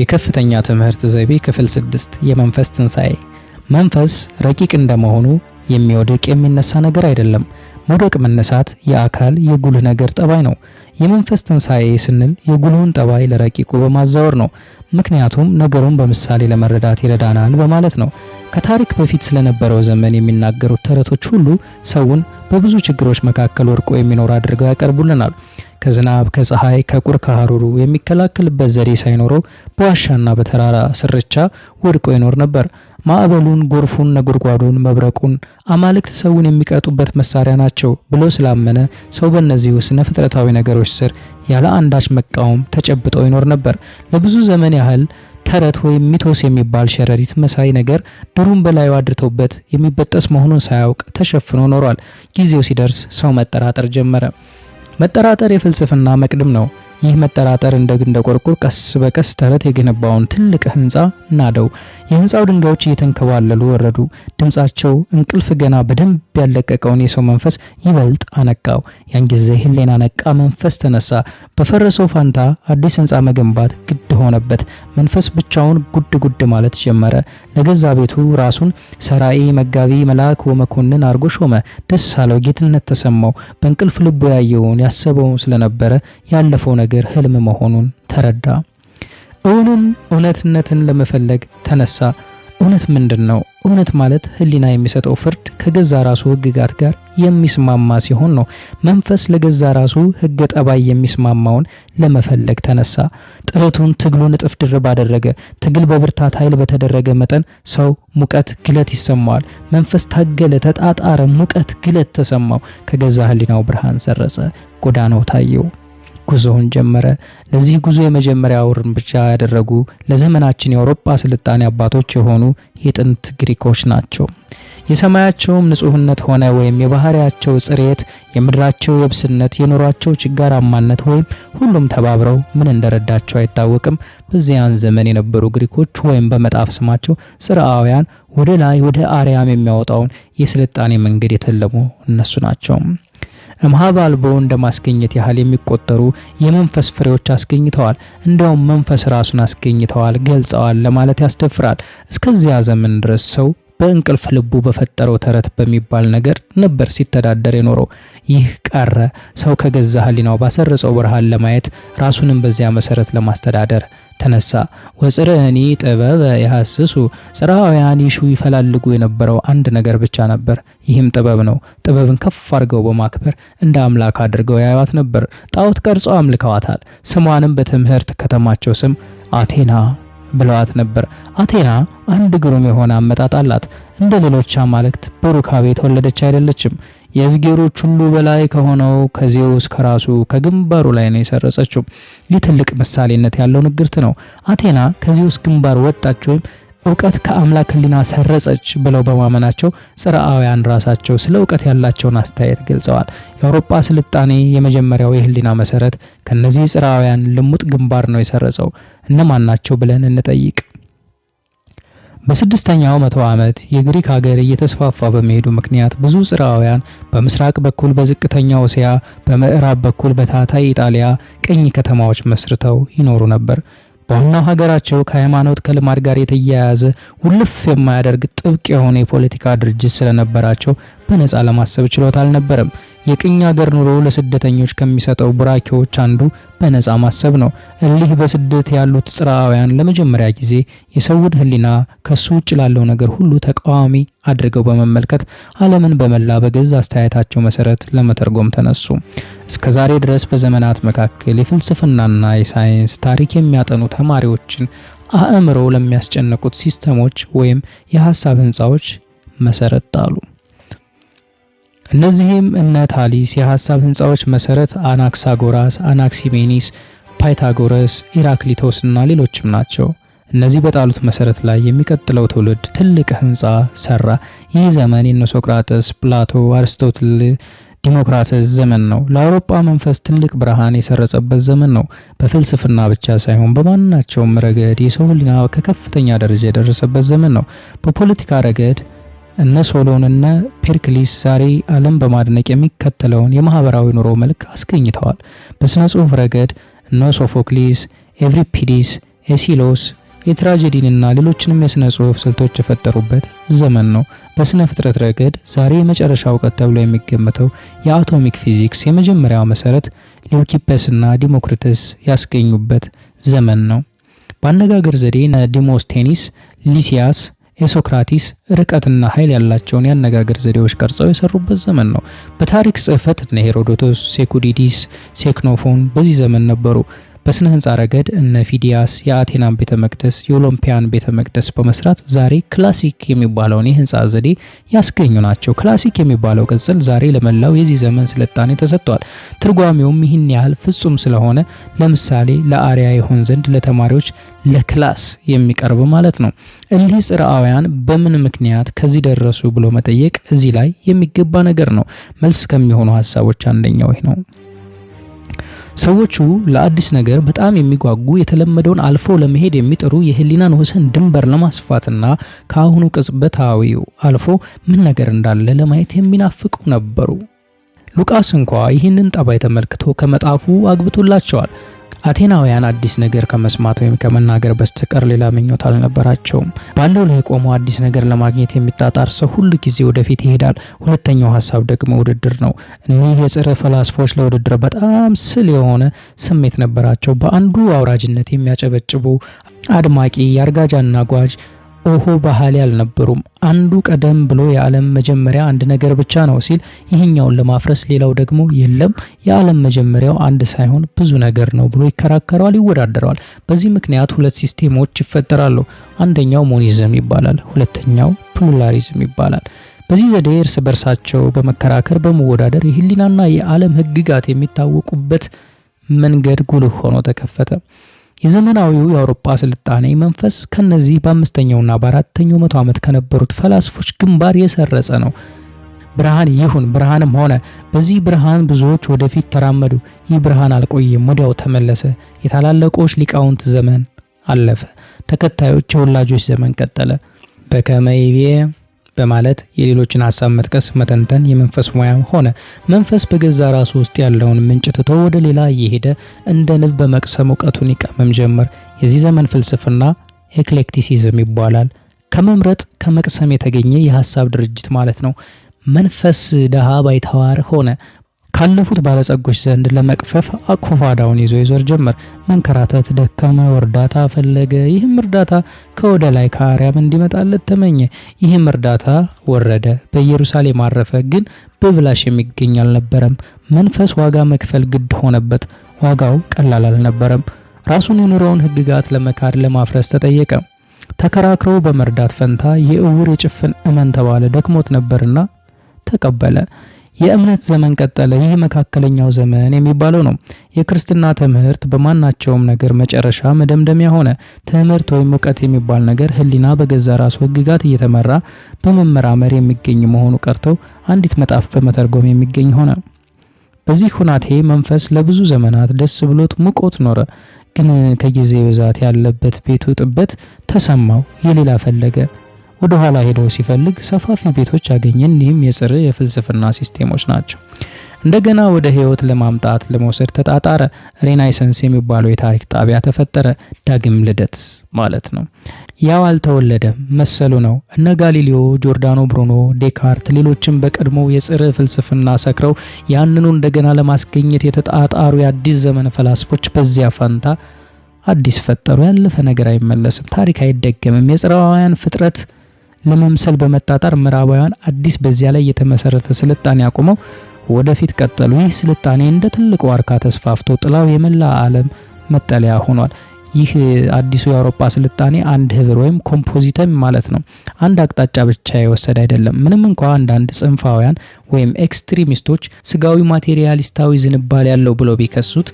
የከፍተኛ ትምህርት ዘይቤ ክፍል ስድስት የመንፈስ ትንሣኤ። መንፈስ ረቂቅ እንደመሆኑ የሚወድቅ የሚነሳ ነገር አይደለም። መውደቅ መነሳት የአካል የጉልህ ነገር ጠባይ ነው። የመንፈስ ትንሣኤ ስንል የጉልሁን ጠባይ ለረቂቁ በማዛወር ነው። ምክንያቱም ነገሩን በምሳሌ ለመረዳት ይረዳናል በማለት ነው። ከታሪክ በፊት ስለነበረው ዘመን የሚናገሩት ተረቶች ሁሉ ሰውን በብዙ ችግሮች መካከል ወድቆ የሚኖር አድርገው ያቀርቡልናል። ከዝናብ፣ ከፀሐይ፣ ከቁር፣ ከሐሩሩ የሚከላከልበት ዘዴ ሳይኖረው በዋሻና በተራራ ስርቻ ወድቆ ይኖር ነበር። ማዕበሉን፣ ጎርፉን፣ ነጎድጓዱን፣ መብረቁን አማልክት ሰውን የሚቀጡበት መሳሪያ ናቸው ብሎ ስላመነ ሰው በእነዚህ ስነ ፍጥረታዊ ነገሮች ስር ያለ አንዳች መቃወም ተጨብጦ ይኖር ነበር። ለብዙ ዘመን ያህል ተረት ወይም ሚቶስ የሚባል ሸረሪት መሳይ ነገር ድሩን በላዩ አድርቶበት የሚበጠስ መሆኑን ሳያውቅ ተሸፍኖ ኖሯል። ጊዜው ሲደርስ ሰው መጠራጠር ጀመረ። መጠራጠር የፍልስፍና መቅድም ነው። ይህ መጠራጠር እንደ ቆርቆር ቀስ በቀስ ተረት የገነባውን ትልቅ ህንፃ ናደው። የህንፃው ድንጋዮች እየተንከባለሉ ወረዱ። ድምፃቸው እንቅልፍ ገና በደንብ ያለቀቀውን የሰው መንፈስ ይበልጥ አነቃው። ያን ጊዜ ህሌና ነቃ፣ መንፈስ ተነሳ። በፈረሰው ፋንታ አዲስ ህንፃ መገንባት ግድ ሆነበት። መንፈስ ብቻውን ጉድ ጉድ ማለት ጀመረ። ለገዛ ቤቱ ራሱን ሰራኤ መጋቢ መልአክ ወመኮንን አርጎ ሾመ። ደስ አለው፣ ጌትነት ተሰማው። በእንቅልፍ ልቡ ያየውን ያሰበውን ስለነበረ ያለፈው ነገር ነገር ህልም መሆኑን ተረዳ። እውንን እውነትነትን ለመፈለግ ተነሳ። እውነት ምንድን ነው? እውነት ማለት ህሊና የሚሰጠው ፍርድ ከገዛ ራሱ ህግጋት ጋር የሚስማማ ሲሆን ነው። መንፈስ ለገዛ ራሱ ህገ ጠባይ የሚስማማውን ለመፈለግ ተነሳ። ጥረቱን፣ ትግሉን እጥፍ ድርብ አደረገ። ትግል በብርታት ኃይል በተደረገ መጠን ሰው ሙቀት፣ ግለት ይሰማዋል። መንፈስ ታገለ፣ ተጣጣረ፣ ሙቀት፣ ግለት ተሰማው። ከገዛ ህሊናው ብርሃን ሰረጸ፣ ጎዳናው ታየው። ጉዞውን ጀመረ። ለዚህ ጉዞ የመጀመሪያው እርምጃ ያደረጉ ለዘመናችን የአውሮፓ ስልጣኔ አባቶች የሆኑ የጥንት ግሪኮች ናቸው። የሰማያቸውም ንጹህነት ሆነ ወይም የባህሪያቸው ጽሬት፣ የምድራቸው የብስነት፣ የኑሯቸው ችጋራማነት ወይም ሁሉም ተባብረው ምን እንደረዳቸው አይታወቅም። በዚያን ዘመን የነበሩ ግሪኮች ወይም በመጣፍ ስማቸው ጽርአውያን ወደ ላይ ወደ አርያም የሚያወጣውን የስልጣኔ መንገድ የተለሙ እነሱ ናቸው። እምሃብ አልቦው እንደ ማስገኘት ያህል የሚቆጠሩ የመንፈስ ፍሬዎች አስገኝተዋል። እንደውም መንፈስ ራሱን አስገኝተዋል፣ ገልጸዋል ለማለት ያስደፍራል። እስከዚያ ዘመን ድረስ ሰው በእንቅልፍ ልቡ በፈጠረው ተረት በሚባል ነገር ነበር ሲተዳደር የኖረው። ይህ ቀረ። ሰው ከገዛ ሕሊናው ባሰረጸው ብርሃን ለማየት ራሱንም በዚያ መሰረት ለማስተዳደር ተነሳ። ወጽርዕኒ ጥበብ የሐስሱ ጽርሐውያን ይሹ ይፈላልጉ የነበረው አንድ ነገር ብቻ ነበር። ይህም ጥበብ ነው። ጥበብን ከፍ አድርገው በማክበር እንደ አምላክ አድርገው ያዩዋት ነበር። ጣዖት ቀርጾ አምልከዋታል። ስሟንም በትምህርት ከተማቸው ስም አቴና ብለዋት ነበር። አቴና አንድ ግሩም የሆነ አመጣጥ አላት። እንደ ሌሎች አማልክት በሩካቤ የተወለደች አይደለችም። የዝጌሮች ሁሉ በላይ ከሆነው ከዜውስ ከራሱ ከግንባሩ ላይ ነው የሰረጸችው። ይህ ትልቅ ምሳሌነት ያለው ንግርት ነው። አቴና ከዜውስ ግንባር ወጣች ወይም እውቀት ከአምላክ ሕሊና ሰረጸች ብለው በማመናቸው ጽርአውያን ራሳቸው ስለ እውቀት ያላቸውን አስተያየት ገልጸዋል። የአውሮፓ ስልጣኔ የመጀመሪያው የሕሊና መሰረት ከነዚህ ጽርአውያን ልሙጥ ግንባር ነው የሰረጸው። እነማን ናቸው ብለን እንጠይቅ። በስድስተኛው መቶ ዓመት የግሪክ ሀገር እየተስፋፋ በመሄዱ ምክንያት ብዙ ጽርአውያን በምስራቅ በኩል በዝቅተኛው እስያ፣ በምዕራብ በኩል በታታይ ኢጣሊያ ቅኝ ከተማዎች መስርተው ይኖሩ ነበር። በዋናው ሀገራቸው ከሃይማኖት ከልማድ ጋር የተያያዘ ውልፍ የማያደርግ ጥብቅ የሆነ የፖለቲካ ድርጅት ስለነበራቸው በነፃ ለማሰብ ችሎታ አልነበረም። የቅኝ ሀገር ኑሮ ለስደተኞች ከሚሰጠው ቡራኬዎች አንዱ በነፃ ማሰብ ነው። እሊህ በስደት ያሉት ጽራውያን ለመጀመሪያ ጊዜ የሰውን ሕሊና ከሱ ውጭ ላለው ነገር ሁሉ ተቃዋሚ አድርገው በመመልከት ዓለምን በመላ በገዛ አስተያየታቸው መሰረት ለመተርጎም ተነሱ። እስከ ዛሬ ድረስ በዘመናት መካከል የፍልስፍናና የሳይንስ ታሪክ የሚያጠኑ ተማሪዎችን አእምሮ ለሚያስጨንቁት ሲስተሞች ወይም የሀሳብ ህንፃዎች መሰረት ጣሉ። እነዚህም እነ ታሊስ የሀሳብ ህንፃዎች መሰረት አናክሳጎራስ፣ አናክሲሜኒስ፣ ፓይታጎረስ፣ ኢራክሊቶስ እና ሌሎችም ናቸው። እነዚህ በጣሉት መሰረት ላይ የሚቀጥለው ትውልድ ትልቅ ህንፃ ሰራ። ይህ ዘመን የነ ፕላቶ፣ አርስቶትል ዲሞክራሲ ዘመን ነው። ለአውሮፓ መንፈስ ትልቅ ብርሃን የሰረጸበት ዘመን ነው። በፍልስፍና ብቻ ሳይሆን በማናቸውም ረገድ የሰው ሕሊና ከከፍተኛ ደረጃ የደረሰበት ዘመን ነው። በፖለቲካ ረገድ እነ ሶሎን እነ ፔርክሊስ ዛሬ ዓለም በማድነቅ የሚከተለውን የማህበራዊ ኑሮ መልክ አስገኝተዋል። በስነ ጽሁፍ ረገድ እነ ሶፎክሊስ፣ ኤቭሪፒዲስ፣ ኤሲሎስ የትራጀዲንና ሌሎችንም የሥነ ጽሑፍ ስልቶች የፈጠሩበት ዘመን ነው። በሥነ ፍጥረት ረገድ ዛሬ የመጨረሻ እውቀት ተብሎ የሚገመተው የአቶሚክ ፊዚክስ የመጀመሪያው መሠረት ሌውኪፐስና ዲሞክሪተስ ያስገኙበት ዘመን ነው። በአነጋገር ዘዴ ዲሞስቴኒስ፣ ሊሲያስ የሶክራቲስ ርቀትና ኃይል ያላቸውን የአነጋገር ዘዴዎች ቀርጸው የሰሩበት ዘመን ነው። በታሪክ ጽህፈት እነ ሄሮዶቶስ፣ ሴኩዲዲስ፣ ሴክኖፎን በዚህ ዘመን ነበሩ። በስነ ህንፃ ረገድ እነ ፊዲያስ የአቴናን ቤተ መቅደስ፣ የኦሎምፒያን ቤተ መቅደስ በመስራት ዛሬ ክላሲክ የሚባለውን የህንፃ ዘዴ ያስገኙ ናቸው። ክላሲክ የሚባለው ቅጽል ዛሬ ለመላው የዚህ ዘመን ስልጣኔ ተሰጥቷል። ትርጓሜውም ይህን ያህል ፍጹም ስለሆነ ለምሳሌ ለአሪያ ይሆን ዘንድ ለተማሪዎች ለክላስ የሚቀርብ ማለት ነው። እሊህ ጽርአውያን በምን ምክንያት ከዚህ ደረሱ ብሎ መጠየቅ እዚህ ላይ የሚገባ ነገር ነው። መልስ ከሚሆኑ ሀሳቦች አንደኛው ይህ ነው። ሰዎቹ ለአዲስ ነገር በጣም የሚጓጉ የተለመደውን አልፎ ለመሄድ የሚጥሩ የህሊናን ወሰን ድንበር ለማስፋትና ከአሁኑ ቅጽበታዊው አልፎ ምን ነገር እንዳለ ለማየት የሚናፍቁ ነበሩ። ሉቃስ እንኳ ይህንን ጠባይ ተመልክቶ ከመጣፉ አግብቶላቸዋል። አቴናውያን አዲስ ነገር ከመስማት ወይም ከመናገር በስተቀር ሌላ ምኞት አልነበራቸውም። ባለው ላይ ቆሞ አዲስ ነገር ለማግኘት የሚጣጣር ሰው ሁል ጊዜ ወደፊት ይሄዳል። ሁለተኛው ሀሳብ ደግሞ ውድድር ነው። እኒህ የጽረ ፈላስፎች ለውድድር በጣም ስል የሆነ ስሜት ነበራቸው። በአንዱ አውራጅነት የሚያጨበጭቡ አድማቂ፣ የአርጋጃና ጓጅ ኦሆ ባህሌ አልነበሩም። አንዱ ቀደም ብሎ የዓለም መጀመሪያ አንድ ነገር ብቻ ነው ሲል ይህኛውን ለማፍረስ ሌላው ደግሞ የለም የዓለም መጀመሪያው አንድ ሳይሆን ብዙ ነገር ነው ብሎ ይከራከረዋል፣ ይወዳደረዋል። በዚህ ምክንያት ሁለት ሲስቴሞች ይፈጠራሉ። አንደኛው ሞኒዝም ይባላል፣ ሁለተኛው ፕሉላሪዝም ይባላል። በዚህ ዘዴ እርስ በርሳቸው በመከራከር በመወዳደር የህሊናና የዓለም ህግጋት የሚታወቁበት መንገድ ጉልህ ሆኖ ተከፈተ። የዘመናዊው የአውሮፓ ስልጣኔ መንፈስ ከነዚህ በአምስተኛውና በአራተኛው መቶ ዓመት ከነበሩት ፈላስፎች ግንባር የሰረጸ ነው። ብርሃን ይሁን ብርሃንም ሆነ። በዚህ ብርሃን ብዙዎች ወደፊት ተራመዱ። ይህ ብርሃን አልቆየም፣ ወዲያው ተመለሰ። የታላለቆች ሊቃውንት ዘመን አለፈ፣ ተከታዮች የወላጆች ዘመን ቀጠለ። በከመይቤ በማለት የሌሎችን ሀሳብ መጥቀስ መተንተን የመንፈስ ሙያም ሆነ። መንፈስ በገዛ ራሱ ውስጥ ያለውን ምንጭ ትቶ ወደ ሌላ እየሄደ እንደ ንብ በመቅሰም እውቀቱን ይቀመም ጀመር። የዚህ ዘመን ፍልስፍና ኤክሌክቲሲዝም ይባላል። ከመምረጥ ከመቅሰም የተገኘ የሀሳብ ድርጅት ማለት ነው። መንፈስ ደሃ ባይተዋር ሆነ። ካለፉት ባለጸጎች ዘንድ ለመቅፈፍ አኮፋዳውን ይዞ ይዞር ጀመር። መንከራተት ደከመ፣ እርዳታ ፈለገ። ይህም እርዳታ ከወደ ላይ ከአርያም እንዲመጣለት ተመኘ። ይህም እርዳታ ወረደ፣ በኢየሩሳሌም አረፈ። ግን በብላሽ የሚገኝ አልነበረም። መንፈስ ዋጋ መክፈል ግድ ሆነበት። ዋጋው ቀላል አልነበረም። ራሱን የኑሮውን ሕግጋት ለመካድ ለማፍረስ ተጠየቀ። ተከራክረው በመርዳት ፈንታ የእውር የጭፍን እመን ተባለ። ደክሞት ነበርና ተቀበለ። የእምነት ዘመን ቀጠለ። ይህ መካከለኛው ዘመን የሚባለው ነው። የክርስትና ትምህርት በማናቸውም ነገር መጨረሻ መደምደሚያ ሆነ። ትምህርት ወይም እውቀት የሚባል ነገር ሕሊና በገዛ ራሱ ሕግጋት እየተመራ በመመራመር የሚገኝ መሆኑ ቀርቶ አንዲት መጣፍ በመተርጎም የሚገኝ ሆነ። በዚህ ሁናቴ መንፈስ ለብዙ ዘመናት ደስ ብሎት ሙቆት ኖረ። ግን ከጊዜ ብዛት ያለበት ቤቱ ጥበት ተሰማው፣ የሌላ ፈለገ ወደ ኋላ ሄዶ ሲፈልግ ሰፋፊ ቤቶች አገኘ። እኒህም የጽር የፍልስፍና ሲስቴሞች ናቸው። እንደገና ወደ ህይወት ለማምጣት ለመውሰድ ተጣጣረ። ሬናይሰንስ የሚባለው የታሪክ ጣቢያ ተፈጠረ። ዳግም ልደት ማለት ነው። ያው አልተወለደ መሰሉ ነው። እነ ጋሊሌዮ፣ ጆርዳኖ ብሩኖ፣ ዴካርት፣ ሌሎችም በቀድሞው የጽር ፍልስፍና ሰክረው ያንኑ እንደገና ለማስገኘት የተጣጣሩ የአዲስ ዘመን ፈላስፎች በዚያ ፈንታ አዲስ ፈጠሩ። ያለፈ ነገር አይመለስም። ታሪክ አይደገምም። የጽራውያን ፍጥረት ለመምሰል በመጣጣር ምዕራባውያን አዲስ በዚያ ላይ የተመሰረተ ስልጣኔ አቁመው ወደፊት ቀጠሉ። ይህ ስልጣኔ እንደ ትልቅ ዋርካ ተስፋፍቶ ጥላው የመላ ዓለም መጠለያ ሆኗል። ይህ አዲሱ የአውሮፓ ስልጣኔ አንድ ህብር ወይም ኮምፖዚተም ማለት ነው። አንድ አቅጣጫ ብቻ የወሰደ አይደለም። ምንም እንኳ አንዳንድ ጽንፋውያን ወይም ኤክስትሪሚስቶች ስጋዊ ማቴሪያሊስታዊ ዝንባል ያለው ብለው ቢከሱት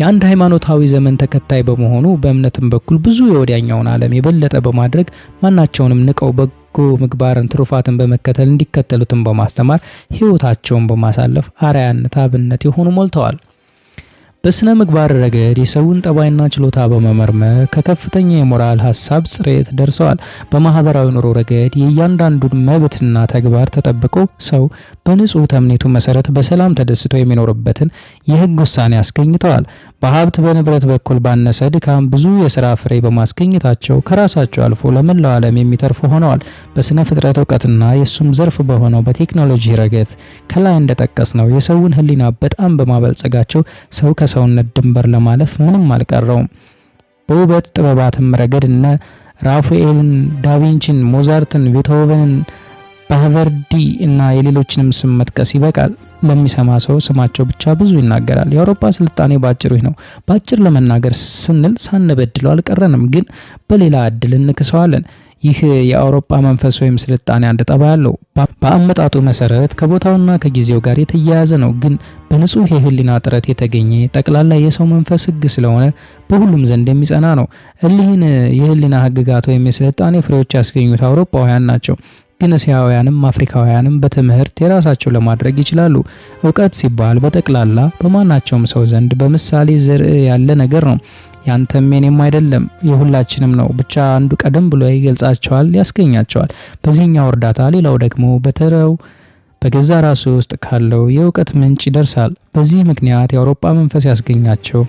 የአንድ ሃይማኖታዊ ዘመን ተከታይ በመሆኑ በእምነትም በኩል ብዙ የወዲያኛውን ዓለም የበለጠ በማድረግ ማናቸውንም ንቀው በጎ ምግባርን ትሩፋትን በመከተል እንዲከተሉትን በማስተማር ህይወታቸውን በማሳለፍ አርአያነት፣ አብነት የሆኑ ሞልተዋል። በስነ ምግባር ረገድ የሰውን ጠባይና ችሎታ በመመርመር ከከፍተኛ የሞራል ሀሳብ ጽሬት ደርሰዋል። በማህበራዊ ኑሮ ረገድ የእያንዳንዱን መብትና ተግባር ተጠብቆ ሰው በንጹህ ተምኔቱ መሰረት በሰላም ተደስቶ የሚኖርበትን የህግ ውሳኔ አስገኝተዋል። በሀብት በንብረት በኩል ባነሰ ድካም ብዙ የስራ ፍሬ በማስገኘታቸው ከራሳቸው አልፎ ለመላው ዓለም የሚተርፉ ሆነዋል። በስነ ፍጥረት እውቀትና የእሱም ዘርፍ በሆነው በቴክኖሎጂ ረገድ ከላይ እንደጠቀስ ነው የሰውን ህሊና በጣም በማበልጸጋቸው ሰው ከሰውነት ድንበር ለማለፍ ምንም አልቀረውም። በውበት ጥበባትም ረገድ እነ ራፋኤልን፣ ዳቪንቺን፣ ሞዛርትን፣ ቤትሆቨንን፣ ባህቨርዲ እና የሌሎችንም ስም መጥቀስ ይበቃል። ለሚሰማ ሰው ስማቸው ብቻ ብዙ ይናገራል። የአውሮፓ ስልጣኔ በአጭሩ ነው። በአጭር ለመናገር ስንል ሳንበድለው አልቀረንም፣ ግን በሌላ እድል እንክሰዋለን። ይህ የአውሮፓ መንፈስ ወይም ስልጣኔ አንድ ጣባ ያለው በአመጣጡ መሰረት ከቦታውና ከጊዜው ጋር የተያያዘ ነው፣ ግን በንጹህ የህሊና ጥረት የተገኘ ጠቅላላ የሰው መንፈስ ህግ ስለሆነ በሁሉም ዘንድ የሚጸና ነው። እሊህን የህሊና ህግጋት ወይም የስልጣኔ ፍሬዎች ያስገኙት አውሮፓውያን ናቸው። ግን እስያውያንም አፍሪካውያንም በትምህርት የራሳቸው ለማድረግ ይችላሉ። እውቀት ሲባል በጠቅላላ በማናቸውም ሰው ዘንድ በምሳሌ ዘርዕ ያለ ነገር ነው። ያንተም የኔም አይደለም፣ የሁላችንም ነው። ብቻ አንዱ ቀደም ብሎ ይገልጻቸዋል፣ ያስገኛቸዋል። በዚህኛው እርዳታ ሌላው ደግሞ በተረው በገዛ ራሱ ውስጥ ካለው የእውቀት ምንጭ ይደርሳል። በዚህ ምክንያት የአውሮፓ መንፈስ ያስገኛቸው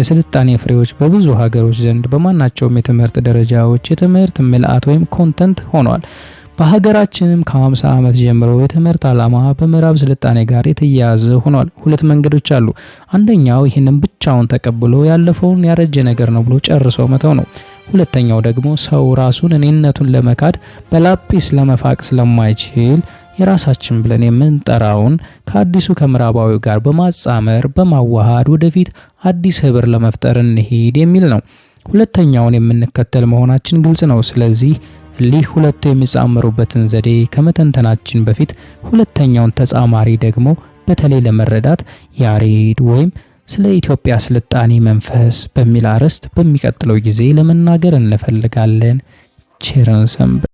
የስልጣኔ ፍሬዎች በብዙ ሀገሮች ዘንድ በማናቸውም የትምህርት ደረጃዎች የትምህርት ምልአት ወይም ኮንተንት ሆኗል። በሀገራችንም ከ50 ዓመት ጀምሮ የትምህርት ዓላማ በምዕራብ ስልጣኔ ጋር የተያያዘ ሆኗል። ሁለት መንገዶች አሉ። አንደኛው ይህንን ብቻውን ተቀብሎ ያለፈውን ያረጀ ነገር ነው ብሎ ጨርሶ መተው ነው። ሁለተኛው ደግሞ ሰው ራሱን እኔነቱን ለመካድ በላጲስ ለመፋቅ ስለማይችል የራሳችን ብለን የምንጠራውን ከአዲሱ ከምዕራባዊ ጋር በማጻመር በማዋሃድ ወደፊት አዲስ ህብር ለመፍጠር እንሂድ የሚል ነው። ሁለተኛውን የምንከተል መሆናችን ግልጽ ነው። ስለዚህ ሊህ ሁለቱ የሚጻመሩበትን ዘዴ ከመተንተናችን በፊት ሁለተኛውን ተጻማሪ ደግሞ በተለይ ለመረዳት ያሬድ ወይም ስለ ኢትዮጵያ ስልጣኔ መንፈስ በሚል አርዕስት በሚቀጥለው ጊዜ ለመናገር እንፈልጋለን። ቸርን